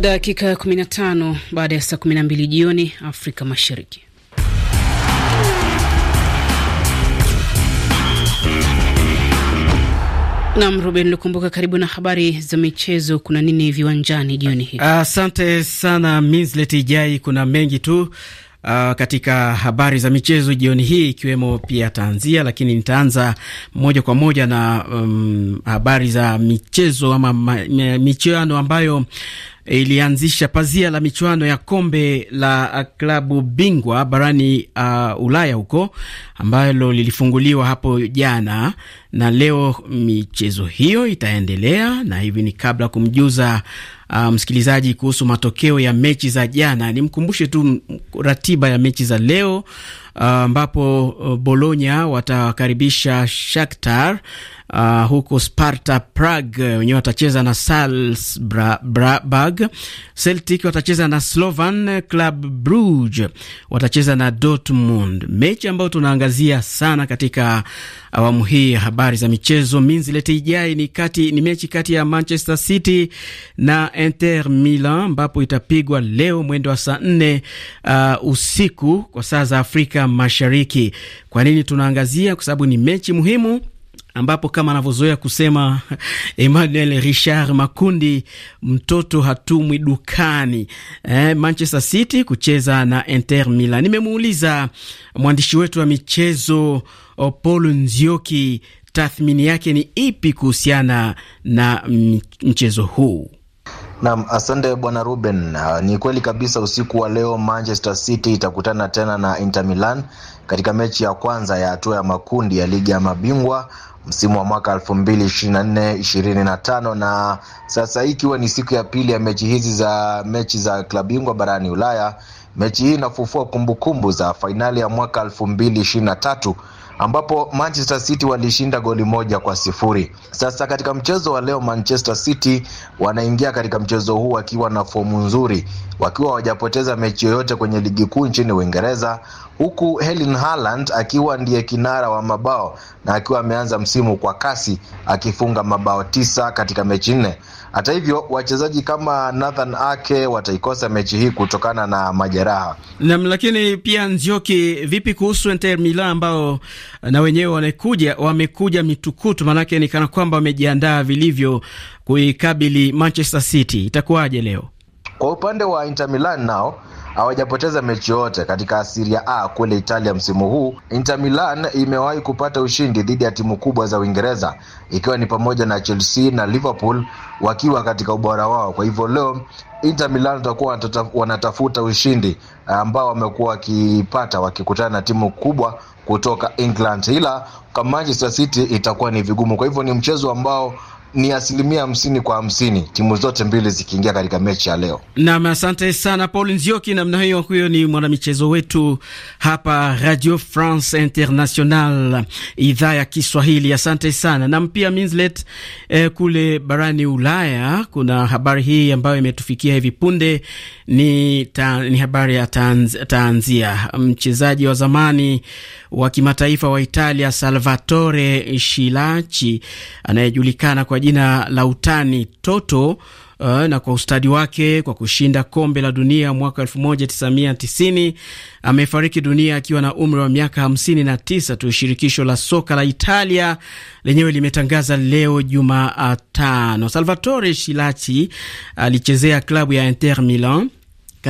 Dakika 15 baada ya saa 12 jioni Afrika Mashariki. Nam Ruben Lukumbuka, karibu na habari za michezo. Kuna nini viwanjani jioni hii? Asante sana Minslet Ijai, kuna mengi tu uh, katika habari za michezo jioni hii ikiwemo pia tanzia, lakini nitaanza moja kwa moja na um, habari za michezo ama michuano ambayo ilianzisha pazia la michuano ya kombe la uh, klabu bingwa barani uh, Ulaya huko ambalo lilifunguliwa hapo jana, na leo michezo hiyo itaendelea, na hivi ni kabla kumjuza Uh, msikilizaji, kuhusu matokeo ya mechi za jana, nimkumbushe tu ratiba ya mechi za leo uh, ambapo uh, uh, Bologna watakaribisha Shakhtar uh, huko Sparta Prague wenyewe watacheza na Salzburg, Celtic watacheza na Slovan, Club Brugge watacheza na Dortmund. Mechi ambayo tunaangazia sana katika awamu hii ya habari za michezo minzilete ijai ni kati, ni mechi kati ya Manchester City na Inter Milan ambapo itapigwa leo mwendo wa saa nne uh, usiku kwa saa za Afrika Mashariki. Kwa nini tunaangazia? Kwa sababu ni mechi muhimu ambapo kama anavyozoea kusema Emmanuel Richard Makundi, mtoto hatumwi dukani. Eh, Manchester City kucheza na Inter Milan. Nimemuuliza mwandishi wetu wa michezo oh, Paul Nzioki tathmini yake ni ipi kuhusiana na mchezo huu. Naam, asante bwana Ruben. Uh, ni kweli kabisa, usiku wa leo Manchester City itakutana tena na Inter Milan katika mechi ya kwanza ya hatua ya makundi ya ligi ya mabingwa msimu wa mwaka 2024 25, na sasa hii ikiwa ni siku ya pili ya mechi hizi za mechi za klabu bingwa barani Ulaya. Mechi hii inafufua kumbukumbu za fainali ya mwaka 2023 ambapo Manchester City walishinda goli moja kwa sifuri. Sasa katika mchezo wa leo, Manchester City wanaingia katika mchezo huu wakiwa na fomu nzuri, wakiwa hawajapoteza mechi yoyote kwenye ligi kuu nchini Uingereza, huku Erling Haaland akiwa ndiye kinara wa mabao na akiwa ameanza msimu kwa kasi akifunga mabao tisa katika mechi nne. Hata hivyo wachezaji kama Nathan Ake wataikosa mechi hii kutokana na majeraha. nam lakini pia Nzioki, vipi kuhusu Inter Milan ambao na wenyewe wamekuja wamekuja mitukutu, maanake ni kana kwamba wamejiandaa vilivyo kuikabili Manchester City. Itakuwaje leo? Kwa upande wa Inter Milan nao hawajapoteza mechi yote katika Serie A kule Italia msimu huu. Inter Milan imewahi kupata ushindi dhidi ya timu kubwa za Uingereza ikiwa ni pamoja na Chelsea na Liverpool wakiwa katika ubora wao. Kwa hivyo leo Inter Milan watakuwa wanatafuta ushindi ambao wamekuwa wakipata wakikutana na timu kubwa kutoka England, ila kwa Manchester City itakuwa ni vigumu. Kwa hivyo ni mchezo ambao ni asilimia hamsini kwa hamsini timu zote mbili zikiingia katika mechi ya leo. Nam, asante sana Paul Nzioki. Namna hiyo, huyo ni mwanamichezo wetu hapa Radio France International, idhaa ya Kiswahili. Asante sana nam. Pia Minslet, eh, kule barani Ulaya kuna habari hii ambayo imetufikia hivi punde, ni, ta, ni habari ya tanz, tanzia mchezaji wa zamani wa kimataifa wa Italia Salvatore Schillaci anayejulikana kwa kwa jina la utani Toto. Uh, na kwa ustadi wake kwa kushinda kombe la dunia mwaka 1990 amefariki dunia akiwa na umri wa miaka 59 tu. Shirikisho la soka la Italia lenyewe limetangaza leo Jumatano. Salvatore Shilachi alichezea klabu ya Inter Milan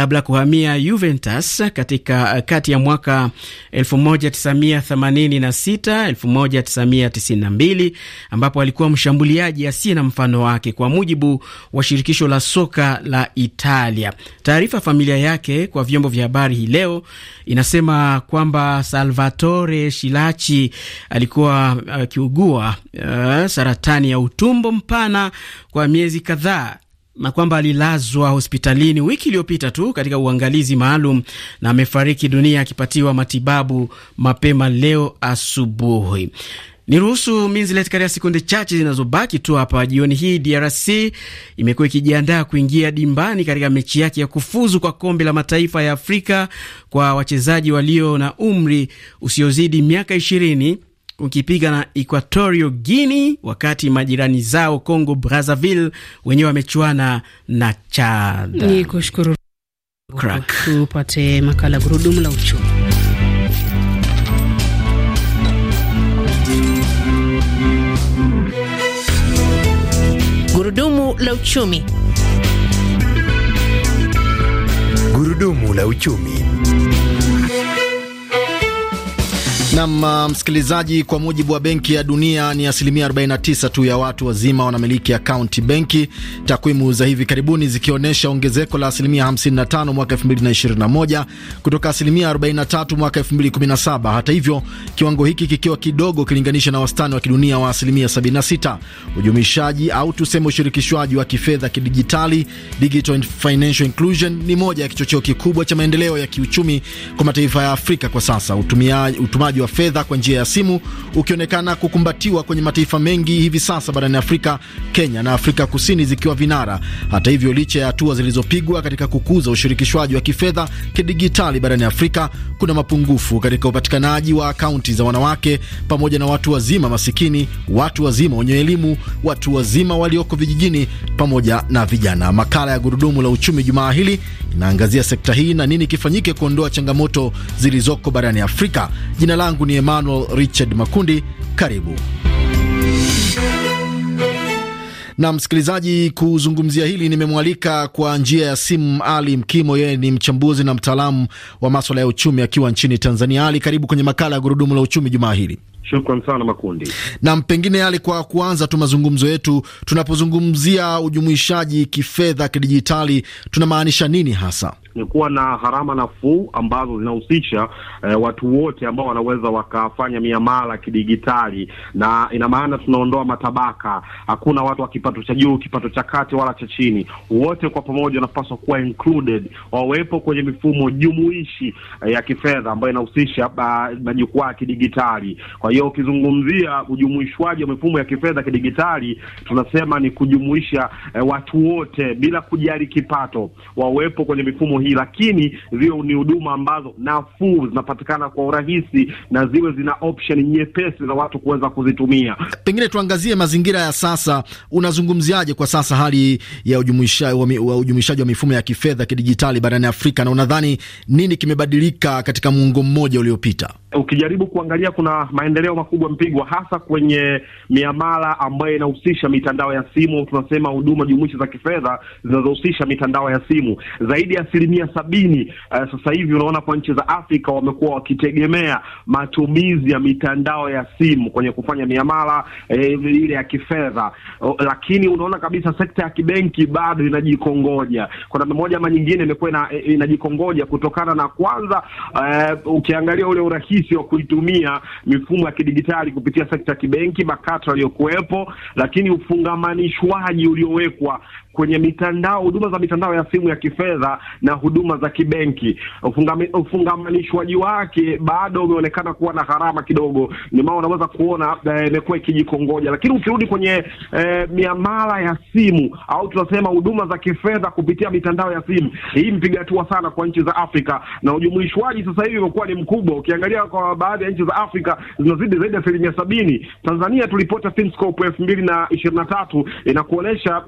kabla ya kuhamia Juventus katika eh, kati ya mwaka 1986 1992, ambapo alikuwa mshambuliaji asiye na mfano wake, kwa mujibu wa shirikisho la soka la Italia. Taarifa familia yake kwa vyombo vya habari hii leo inasema kwamba Salvatore Shilachi alikuwa akiugua uh, uh, saratani ya utumbo mpana kwa miezi kadhaa na kwamba alilazwa hospitalini wiki iliyopita tu katika uangalizi maalum na amefariki dunia akipatiwa matibabu mapema leo asubuhi. Niruhusu Minzilet, katika sekunde chache zinazobaki tu hapa jioni hii, DRC imekuwa ikijiandaa kuingia dimbani katika mechi yake ya kufuzu kwa kombe la mataifa ya Afrika kwa wachezaji walio na umri usiozidi miaka ishirini ukipiga na Equatorio Guini, wakati majirani zao Congo Brazzaville wenyewe wamechuana na Chad. Ni kushukuru tupate makala gurudumu la uchumi. Gurudumu la uchumi. Gurudumu la uchumi. Nam uh, msikilizaji, kwa mujibu wa Benki ya Dunia ni asilimia 49 tu ya watu wazima wanamiliki akaunti benki, takwimu za hivi karibuni zikionyesha ongezeko la asilimia 55 mwaka 2021 kutoka asilimia 43 mwaka 2017. Hata hivyo, kiwango hiki kikiwa kidogo kilinganisha na wastani wa kidunia wa asilimia 76. Ujumishaji au tuseme ushirikishwaji wa kifedha kidijitali, digital financial inclusion, ni moja ya kichocheo kikubwa cha maendeleo ya kiuchumi kwa mataifa ya Afrika kwa sasa. Utumaji wa fedha kwa njia ya simu ukionekana kukumbatiwa kwenye mataifa mengi hivi sasa barani Afrika, Kenya na Afrika Kusini zikiwa vinara. Hata hivyo, licha ya hatua zilizopigwa katika kukuza ushirikishwaji wa kifedha kidigitali barani Afrika, kuna mapungufu katika upatikanaji wa akaunti za wanawake pamoja na watu wazima masikini, watu wazima wenye elimu, watu wazima walioko vijijini pamoja na vijana. Makala ya Gurudumu la Uchumi jumaa hili inaangazia sekta hii na nini kifanyike kuondoa changamoto zilizoko barani Afrika. Jina langu langu ni Emmanuel Richard Makundi, karibu na msikilizaji. Kuzungumzia hili nimemwalika kwa njia ya simu Ali Mkimo, yeye ni mchambuzi na mtaalamu wa maswala ya uchumi akiwa nchini Tanzania. Ali, karibu kwenye makala ya gurudumu la uchumi jumaa hili. Shukran sana Makundi. Nam, pengine ali kwa kuanza tu mazungumzo yetu, tunapozungumzia ujumuishaji kifedha kidijitali tunamaanisha nini hasa? ni kuwa na harama nafuu ambazo zinahusisha eh, watu wote ambao wanaweza wakafanya miamala kidigitali, na ina maana tunaondoa matabaka. Hakuna watu wa kipato cha juu, kipato cha kati wala cha chini, wote kwa pamoja wanapaswa kuwa included, wawepo kwenye mifumo jumuishi eh, ya kifedha ambayo inahusisha majukwaa ya kidigitali. Kwa hiyo ukizungumzia ujumuishwaji wa mifumo ya kifedha kidigitali, tunasema ni kujumuisha eh, watu wote bila kujali kipato, wawepo kwenye mifumo hii, lakini ziwe ni huduma ambazo nafuu zinapatikana kwa urahisi na ziwe zina option nyepesi za watu kuweza kuzitumia. Pengine tuangazie mazingira ya sasa, unazungumziaje kwa sasa hali ya ujumuishaji wa, ujumuishaji wa mifumo ya kifedha kidijitali barani Afrika, na unadhani nini kimebadilika katika muongo mmoja uliopita? Ukijaribu kuangalia, kuna maendeleo makubwa mpigwa, hasa kwenye miamala ambayo inahusisha mitandao ya simu, tunasema huduma jumuishi za kifedha zinazohusisha mitandao ya simu zaidi ya asilimia asilimia sabini. Uh, sasa hivi unaona kwa nchi za Afrika wamekuwa wakitegemea matumizi ya mitandao ya simu kwenye kufanya miamala eh, ile ya kifedha, lakini unaona kabisa sekta ya kibenki bado inajikongoja kwa namna moja ama nyingine, imekuwa ina, eh, inajikongoja kutokana na kwanza, uh, ukiangalia ule urahisi wa kuitumia mifumo ya kidigitali kupitia sekta ya kibenki makato aliyokuwepo, lakini ufungamanishwaji uliowekwa kwenye mitandao, huduma za mitandao ya simu ya kifedha na huduma za kibenki. Ufungamanishwaji wake bado umeonekana kuwa na gharama kidogo, ni maana unaweza kuona eh, imekuwa eh, ikijikongoja. Lakini ukirudi kwenye e, miamala ya simu au tunasema huduma za kifedha kupitia mitandao ya simu, hii mpiga hatua sana kwa nchi za Afrika, na ujumuishwaji sasa hivi umekuwa ni mkubwa. Ukiangalia kwa baadhi ya nchi za Afrika zinazidi zaidi ya asilimia sabini. Tanzania tulipota FinScope elfu mbili na ishirini na tatu inakuonyesha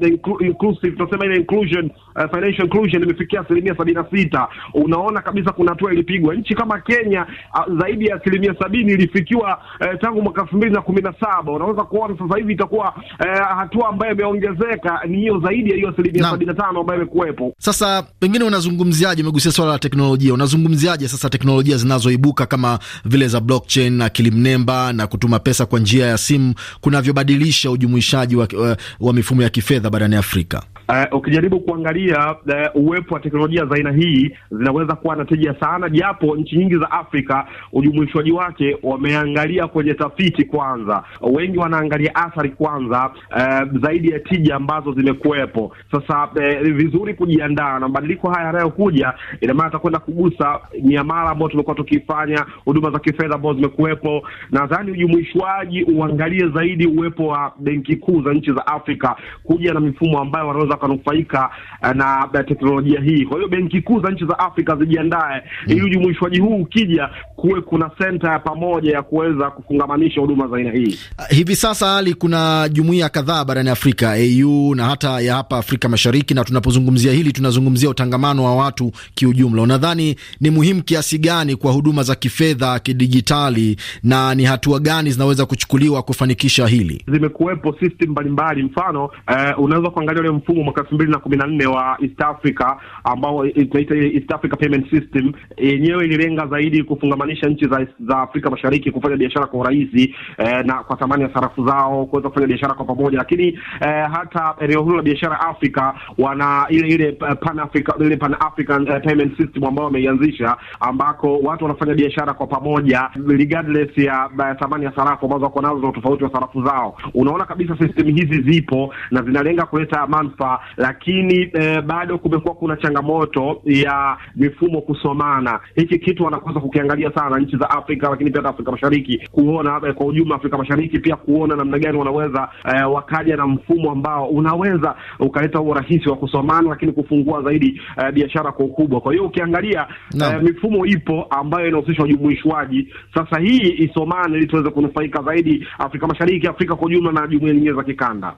nyeusi tunasema ile inclusion uh, financial inclusion imefikia asilimia sabini na sita. Unaona kabisa kuna hatua ilipigwa. Nchi kama Kenya uh, zaidi ya asilimia sabini ilifikiwa uh, tangu mwaka elfu mbili na kumi na saba. Unaweza kuona sasa hivi itakuwa uh, hatua ambayo imeongezeka ni hiyo zaidi ya hiyo asilimia sabini na tano ambayo imekuwepo. Sasa pengine unazungumziaje, umegusia swala la teknolojia, unazungumziaje sasa teknolojia zinazoibuka kama vile za blockchain na akili mnemba na kutuma pesa kwa njia ya simu kunavyobadilisha ujumuishaji wa, wa, wa mifumo ya kifedha barani Afrika? Uh, ukijaribu kuangalia uh, uwepo wa teknolojia za aina hii zinaweza kuwa na tija sana, japo nchi nyingi za Afrika ujumuishwaji wake wameangalia kwenye tafiti kwanza, wengi wanaangalia athari kwanza, uh, zaidi ya tija ambazo zimekuwepo. Sasa uh, vizuri kujiandaa na mabadiliko haya yanayokuja, ina maana atakwenda kugusa miamala ambayo tumekuwa tukifanya, huduma za kifedha ambazo zimekuwepo. Nadhani ujumuishwaji uangalie zaidi uwepo wa benki kuu za nchi za Afrika kuja na mifumo ambayo wanaweza wakanufaika eh, na eh, teknolojia hii. Kwa hiyo benki kuu za nchi za Afrika zijiandae mm. ili ujumuishwaji huu ukija, kuwe kuna senta ya pamoja ya kuweza kufungamanisha huduma za aina hii. Ah, hivi sasa hali kuna jumuia kadhaa barani Afrika, AU na hata ya hapa Afrika Mashariki, na tunapozungumzia hili tunazungumzia utangamano wa watu kiujumla. Unadhani ni muhimu kiasi gani kwa huduma za kifedha kidijitali, na ni hatua gani zinaweza kuchukuliwa kufanikisha hili? Zimekuwepo system mbalimbali, mfano uh, unaweza kuangalia mfumo mwaka elfu mbili na kumi na nne wa East Africa ambao eh, tunaita East Africa Payment System yenyewe ililenga zaidi kufungamanisha nchi za, za Afrika Mashariki kufanya biashara kwa urahisi eh, na kwa thamani ya sarafu zao kuweza kufanya biashara kwa pamoja, lakini eh, hata eneo hilo la biashara Afrika wana ile ile eh, Pan Africa ile Pan African eh, Payment System ambao wameianzisha, ambako watu wanafanya biashara kwa pamoja regardless ya thamani ya sarafu ambazo wako nazo, na utofauti wa sarafu zao. Unaona kabisa system hizi zipo na zinalenga kuleta Zamfa, lakini eh, bado kumekuwa kuna changamoto ya mifumo kusomana. Hiki kitu wanakosa kukiangalia sana nchi za Afrika, lakini pia Afrika Mashariki kuona eh, kwa ujumla Afrika Mashariki pia kuona namna gani wanaweza eh, wakaja na mfumo ambao unaweza ukaleta urahisi wa kusomana, lakini kufungua zaidi eh, biashara kwa ukubwa. Kwa hiyo ukiangalia no. eh, mifumo ipo ambayo inahusisha ujumuishwaji. Sasa hii isomane ili tuweze kunufaika zaidi Afrika Mashariki, Afrika kwa ujumla na jumuiya nyingine za kikanda.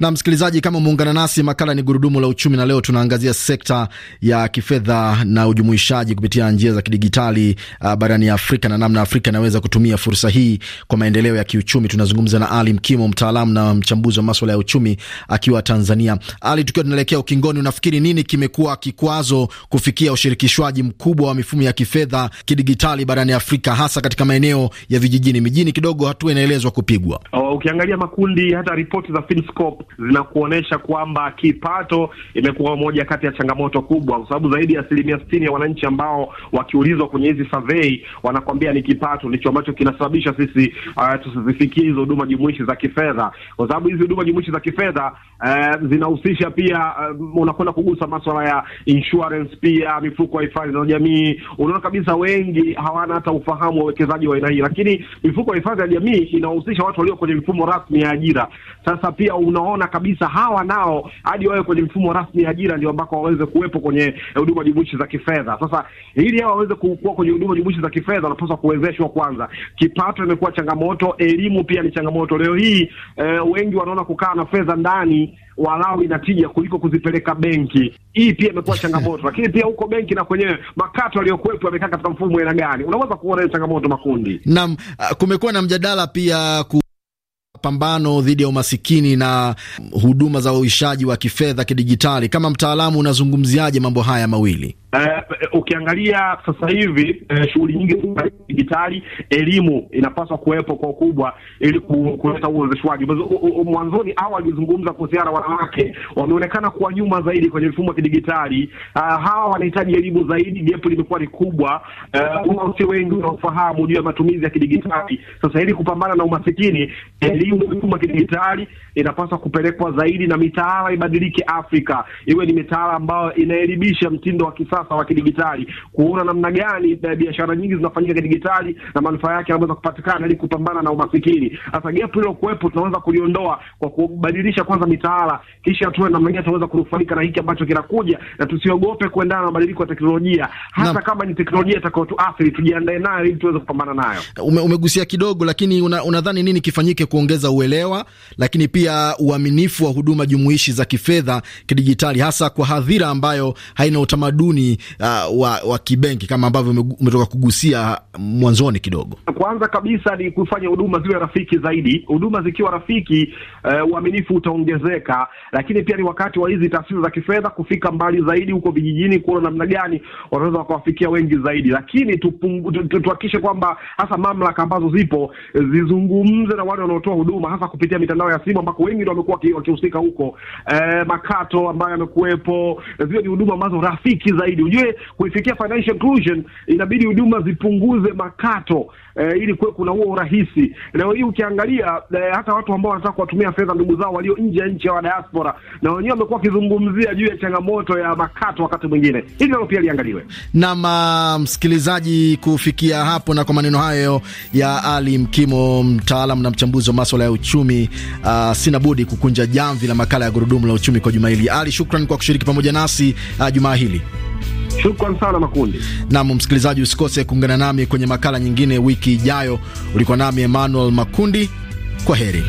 Na msikilizaji, kama umeungana nasi, makala ni gurudumu la uchumi, na leo tunaangazia sekta ya kifedha na ujumuishaji kupitia njia za kidigitali uh, barani Afrika na namna Afrika inaweza kutumia fursa hii kwa maendeleo ya kiuchumi. Tunazungumza na Ali Mkimo, mtaalamu na mchambuzi wa maswala ya uchumi akiwa Tanzania. Ali, tukiwa tunaelekea ukingoni, unafikiri nini kimekuwa kikwazo kufikia ushirikishwaji mkubwa wa mifumo ya kifedha kidigitali barani Afrika, hasa katika maeneo ya vijijini? Mijini kidogo hatua inaelezwa kupigwa. Oh, ukiangalia makundi hata ripoti za FinScope zinakuonyesha kwamba kipato imekuwa moja kati ya changamoto kubwa, kwa sababu zaidi ya asilimia sitini ya wananchi ambao wakiulizwa kwenye hizi survey wanakwambia ni kipato ndicho ambacho kinasababisha sisi uh, tusizifikie hizo huduma jumuishi za kifedha, kwa sababu hizi huduma jumuishi za kifedha uh, zinahusisha pia uh, unakwenda kugusa maswala ya insurance, pia mifuko ya hifadhi za jamii. Unaona kabisa wengi hawana hata ufahamu wa uwekezaji wa aina hii, lakini mifuko ya hifadhi ya jamii inawahusisha watu walio kwenye mifumo rasmi ya ajira. Sasa pia unaona kuona kabisa hawa nao hadi wawe kwenye mfumo rasmi ya ajira, ndio ambako waweze kuwepo kwenye eh, huduma jumuishi za kifedha. Sasa ili hawa waweze kuwa kwenye huduma jumuishi za kifedha, wanapaswa kuwezeshwa kwanza. Kipato imekuwa changamoto, elimu pia ni changamoto. Leo hii e, wengi wanaona kukaa na fedha ndani walau inatija kuliko kuzipeleka benki. Hii pia imekuwa changamoto, lakini pia huko benki na kwenyewe makato aliyokuwepo yamekaa katika mfumo aina gani? Unaweza kuona hiyo changamoto makundi. Naam, ah, kumekuwa na mjadala pia ku pambano dhidi ya umasikini na huduma za uishaji wa kifedha kidijitali. Kama mtaalamu, unazungumziaje mambo haya mawili? Uh, ukiangalia sasa hivi uh, shughuli nyingi za dijitali, elimu inapaswa kuwepo kwa ukubwa ili kuleta uwezeshwaji. Mwanzoni awali zungumza kuhusiana wanawake wameonekana kuwa nyuma zaidi kwenye mfumo wa kidijitali. Uh, hawa wanahitaji elimu zaidi, japo limekuwa ni kubwa. Uh, si wengi wanaofahamu juu ya matumizi ya kidijitali. Sasa ili kupambana na umasikini, elimu hii umuhimu wa kidijitali inapaswa kupelekwa zaidi na mitaala ibadilike Afrika, iwe ni mitaala ambayo inaelimisha mtindo wa kisasa wa kidijitali, kuona namna gani eh, biashara nyingi zinafanyika kidijitali na manufaa yake yanaweza kupatikana ili kupambana na umasikini. Sasa gap kuwepo, tunaweza kuliondoa kwa kubadilisha kwanza mitaala, kisha tuwe namna gani tunaweza kunufaika na hiki ambacho kinakuja, na tusiogope kuendana na mabadiliko ya teknolojia, hata na kama ni teknolojia itakayotuathiri tujiandae nayo ili tuweze kupambana nayo. Ume, umegusia kidogo, lakini unadhani una nini kifanyike kuongeza kuongeza uelewa, lakini pia uaminifu wa huduma jumuishi za kifedha kidijitali, hasa kwa hadhira ambayo haina utamaduni uh, wa, wa kibenki kama ambavyo umetoka kugusia mwanzoni kidogo. Kwanza kabisa ni kufanya huduma ziwe rafiki zaidi. Huduma zikiwa rafiki, uh, uaminifu utaongezeka, lakini pia ni wakati wa hizi taasisi za kifedha kufika mbali zaidi huko vijijini, kuona namna gani wanaweza wakawafikia wengi zaidi, lakini tuhakikishe kwamba hasa mamlaka ambazo zipo zizungumze na wale wanaotoa huduma hasa kupitia mitandao ya simu ambako wengi ndio wamekuwa wakihusika huko. E, makato ambayo yamekuwepo, zile ni huduma ambazo rafiki zaidi. Ujue kuifikia financial inclusion, inabidi huduma zipunguze makato eh, ili kuwe kuna huo urahisi. Leo hii ukiangalia eh, hata watu ambao wanataka kuwatumia fedha ndugu zao walio nje ya nchi wa diaspora, na wenyewe wamekuwa wakizungumzia juu ya changamoto ya makato wakati mwingine. Hili nalo pia liangaliwe. Naam, ah, msikilizaji, kufikia hapo na kwa maneno hayo ya Ali Mkimo, mtaalamu na mchambuzi wa maswala ya uchumi, uh, sina budi kukunja jamvi la makala ya gurudumu la uchumi kwa juma hili. Ali, shukran kwa kushiriki pamoja nasi uh, jumaa hili. Shukran sana Makundi. Nam msikilizaji, usikose kuungana nami kwenye makala nyingine wiki ijayo. Ulikuwa nami Emmanuel Makundi, kwa heri.